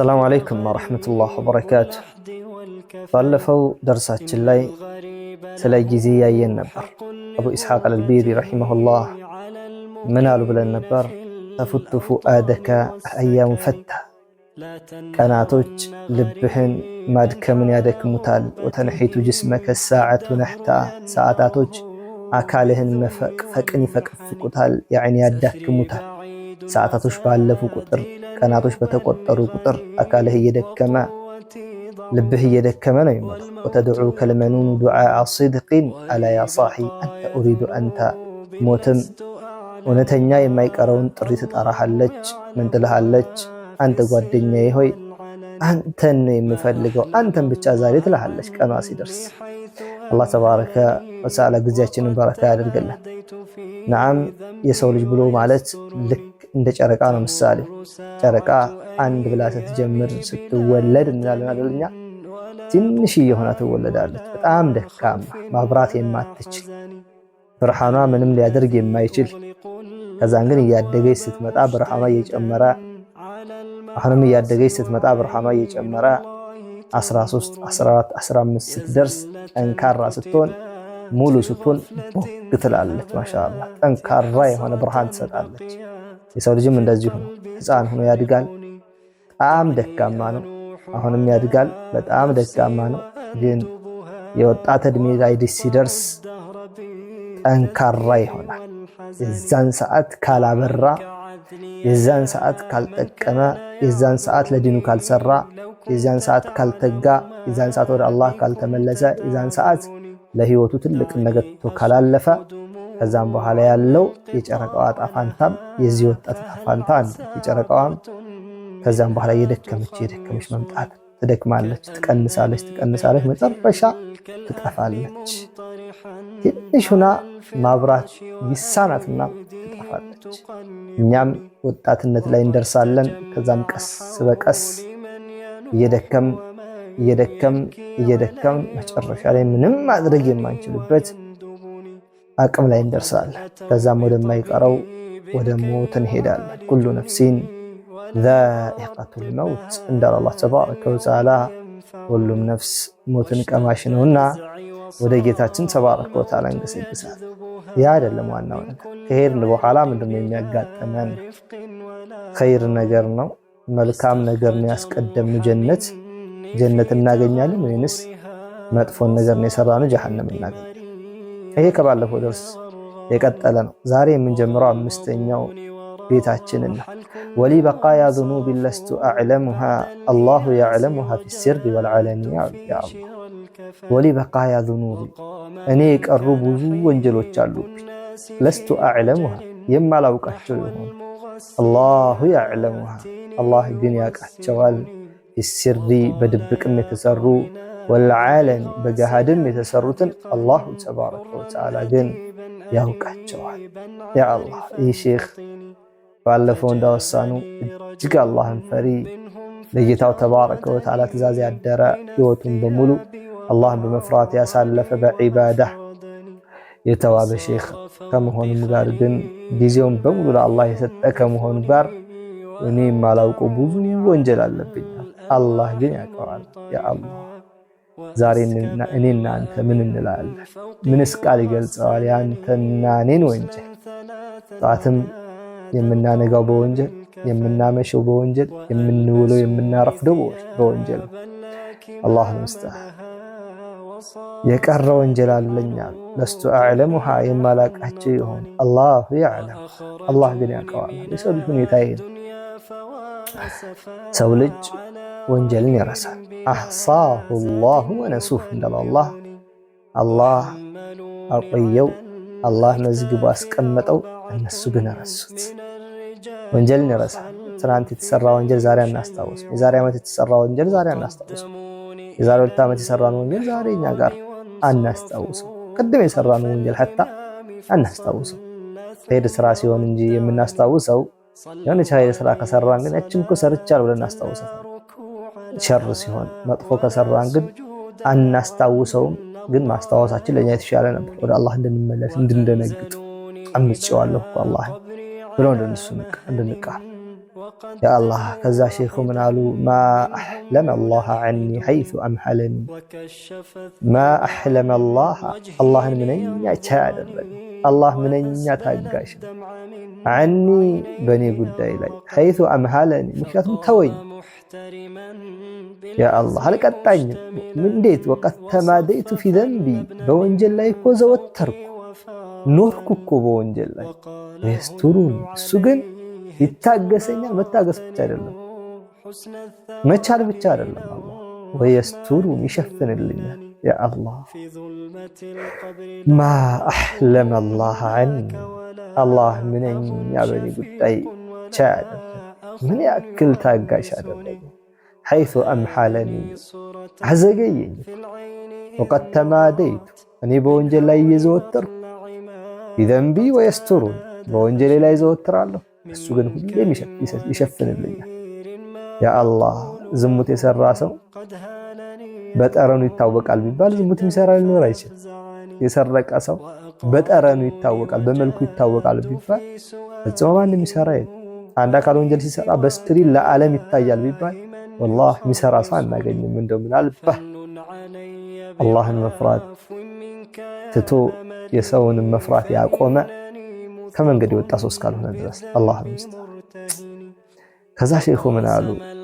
السلام عليكم ورحمة الله وبركاته فألفوا درس الله سلا جزية النبر أبو إسحاق على البيري رحمه الله منال بل النبر أفت فؤادك أيام فتة كان أتوج لبهن مادك من يدك متال وتنحيت جسمك الساعة نحتا ساعة أتوج أكالهن مفك فكني فك فكتال يعني يدك متال ساعة أتوج بعلف ቀናቶች በተቆጠሩ ቁጥር አካልህ እየደከመ ልብህ እየደከመ ነው የሚመጣው። ወተድዑ ከልመኑን ዱዓ ሲድቂን አላ ያ ሳሒ አንተ ኡሪዱ አንተ ሞትም እውነተኛ የማይቀረውን ጥሪ ትጠራሃለች። ምን ትልሃለች? አንተ ጓደኛዬ ሆይ አንተን ነው የምፈልገው አንተን ብቻ ዛሬ ትልሃለች። ቀኗ ሲደርስ አላህ ተባረከ ወተዓላ ጊዜያችንን በረካ ያደርግልን። ነዓም የሰው ልጅ ብሎ ማለት ልክ እንደ ጨረቃ ነው። ምሳሌ ጨረቃ አንድ ብላ ስትጀምር ስትወለድ እንላለን አደለኛ ትንሽ ሆና ትወለዳለች። በጣም ደካማ ማብራት የማትችል ብርሃኗ ምንም ሊያደርግ የማይችል ከዛን ግን እያደገች ስትመጣ ብርሃኗ እየጨመረ አሁንም እያደገች ስትመጣ ብርሃኗ እየጨመረ 13፣ 14፣ 15 ስትደርስ ጠንካራ ስትሆን ሙሉ ስትሆን ቦግ ትላለች። ማሻአላህ ጠንካራ የሆነ ብርሃን ትሰጣለች። የሰው ልጅም እንደዚሁ ነው። ህፃን ሆኖ ያድጋል። በጣም ደካማ ነው። አሁንም ያድጋል። በጣም ደካማ ነው። ግን የወጣት እድሜ ላይ ሲደርስ ጠንካራ ይሆናል። የዛን ሰዓት ካላበራ፣ የዛን ሰዓት ካልጠቀመ፣ የዛን ሰዓት ለዲኑ ካልሰራ፣ የዛን ሰዓት ካልተጋ፣ የዛን ሰዓት ወደ አላህ ካልተመለሰ፣ የዛን ሰዓት ለህይወቱ ትልቅ ነገቶ ካላለፈ ከዛም በኋላ ያለው የጨረቃዋ ዕጣ ፋንታም የዚህ ወጣት ዕጣ ፋንታ አንድ። የጨረቃዋም ከዛም በኋላ የደከመች የደከመች መምጣት ትደክማለች፣ ትቀንሳለች፣ ትቀንሳለች፣ መጨረሻ ትጠፋለች። ትንሹና ማብራት ይሳናትና ትጠፋለች። እኛም ወጣትነት ላይ እንደርሳለን። ከዛም ቀስ በቀስ እየደከም እየደከም እየደከም መጨረሻ ላይ ምንም ማድረግ የማንችልበት አቅም ላይ እንደርሳለን። ከዛም ወደማይቀረው ወደ ሞት እንሄዳለን። ኩሉ ነፍሲን ዛኢቀቱል መውት እንዳለ አላህ ተባረከ ወተዓላ ሁሉም ነፍስ ሞትን ቀማሽ ነውና ወደ ጌታችን ተባረከ ወተዓላ እንገሰግሳለን። ያ አይደለም ዋናው ነገር። ከሄድን በኋላ ምንድነው የሚያጋጠመን? ኸይር ነገር ነው፣ መልካም ነገር ነው ያስቀደምነው ጀነት ጀነት እናገኛለን ወይንስ መጥፎን ነገር ነው የሰራነው ጀሃነም እናገኛለን? ይሄ ከባለፈው ደርስ የቀጠለ ነው። ዛሬ የምንጀምረው አምስተኛው ቤታችንን ነው። ወሊ በቃያ ዝኑቢ ለስቱ አዕለሙሃ አላሁ ያዕለሙሃ ፊስሪ ወልዓለኒያ ያአላ ወሊ በቃያ ዝኑቢ እኔ የቀሩ ብዙ ወንጀሎች አሉብኝ። ለስቱ አዕለሙሃ የማላውቃቸው የሆኑ አላሁ ያዕለሙሃ አላህ ግን ያውቃቸዋል። ፊስሪ በድብቅም የተሰሩ ወልዓለም በገሃድም የተሰሩትን አላሁ ተባረከ ወተዓላ ግን ያውቃቸዋል። ያ አላህ ይህ ሼክ ባለፈው እንዳወሳኑ እጅግ አላህን ፈሪ ለጌታው ተባረከ ወተዓላ ትእዛዝ ያደረ ህይወቱን በሙሉ አላህን በመፍራት ያሳለፈ በዒባዳ የተዋበ ሼክ ከመሆኑም ጋር ግን ጊዜውን በሙሉ ለአላህ የሰጠ ከመሆኑ ጋር እኔ የማላውቀው ብዙ ወንጀል አለብኛል። አላህ ግን ያውቀዋል። ያ አላህ ዛሬ እኔና አንተ ምን እንላለን? ምንስ ቃል ይገልጸዋል የአንተና እኔን ወንጀል? ጠዋትም የምናነጋው በወንጀል የምናመሸው በወንጀል የምንውለው የምናረፍደው በወንጀል አላህ ምስጣህ የቀረ ወንጀል አለኛ ለስቱ ውሃ የማላቃቸው ይሆን አላሁ ያዕለም አላህ ግን ያውቀዋል። የሰው ልጅ ሁኔታ ሰው ልጅ ወንጀልን ይረሳል። አሕሳሁ ላሁ ወነሱህ እንዳለ አላህ አላህ አቆየው፣ አላህ መዝግቦ አስቀመጠው። እነሱ ግን ረሱት። ወንጀል ይረሳል። ትናንት የተሰራ ወንጀል ዛሬ አናስታውስም። የዛሬ ዓመት የተሰራ ወንጀል ዛሬ አናስታውስም። የዛሬ ሁለት ዓመት የሰራን ወንጀል ዛሬ እኛ ጋር አናስታውስም። ቅድም የሰራን ወንጀል ሀታ አናስታውስም። ሄድ ስራ ሲሆን እንጂ የምናስታውሰው የሆነች ኃይል ስራ ከሰራን ግን እችን እኮ ሰርቻል ብለን እናስታውሰታል። ሸር ሲሆን መጥፎ ከሰራን ግን አናስታውሰውም። ግን ማስታወሳችን ለእኛ የተሻለ ነበር፣ ወደ አላህ እንድንመለስ እንድንደነግጥ። ቀምጬዋለሁ አላህ ብሎ እንድንቃ ያአላህ። ከዛ ሼኹ ምን አሉ? ማ አሕለመ አላህ ዐኒ ሐይቱ አምሐለኒ። ማ አሕለመ አላህ አላህን ምንኛ ቻይ አደረገ። አላህ ምንኛ ታጋሽ ዐኒ በእኔ ጉዳይ ላይ ሐይቱ አምሐለኒ፣ ምክንያቱም ተወኝ ያአላህ አልቀጣኝም። እንዴት ወቀት ተማደይቱ ፊ ዘንቢ በወንጀል ላይ እኮ ዘወተርኩ ኖርኩ እኮ በወንጀል ላይ ወየስቱሩን እሱ ግን ይታገሰኛል። መታገስ ብቻ አይደለም መቻል ብቻ አይደለም። አላህ ወየስቱሩን ይሸፍንልኛል። ያአላህ ማ አሕለም አላህ አን አላህ ምንኛ በኔ ጉዳይ ቻ ምን ያክል ታጋሽ አደረገ። ሐይሱ አምሓለኒ አዘገየኝ። ወቀድ ተማደይቱ እኔ በወንጀል ላይ እየዘወተርኩ ቢዘንቢ ወየስቱሩን በወንጀሌ ላይ ዘወትራለሁ፣ እሱ ግን ሁሌም ይሸፍንልኛል። ያ አላህ ዝሙት የሰራ ሰው በጠረኑ ይታወቃል ቢባል ዝሙት የሚሰራ ሊኖር አይችል። የሰረቀ ሰው በጠረኑ ይታወቃል፣ በመልኩ ይታወቃል ቢባል ፈጽሞ ማንም የሚሰራ የለ አንድ አካል ወንጀል ሲሰራ በስክሪን ለዓለም ይታያል ቢባል ወላሂ የሚሰራ ሰው አናገኝም። እንደው ምናልባት አላህን መፍራት ትቶ የሰውንም መፍራት ያቆመ ከመንገድ የወጣ ሰው እስካልሆነ ድረስ አላህ ከዛ ሼኹ ምን አሉ?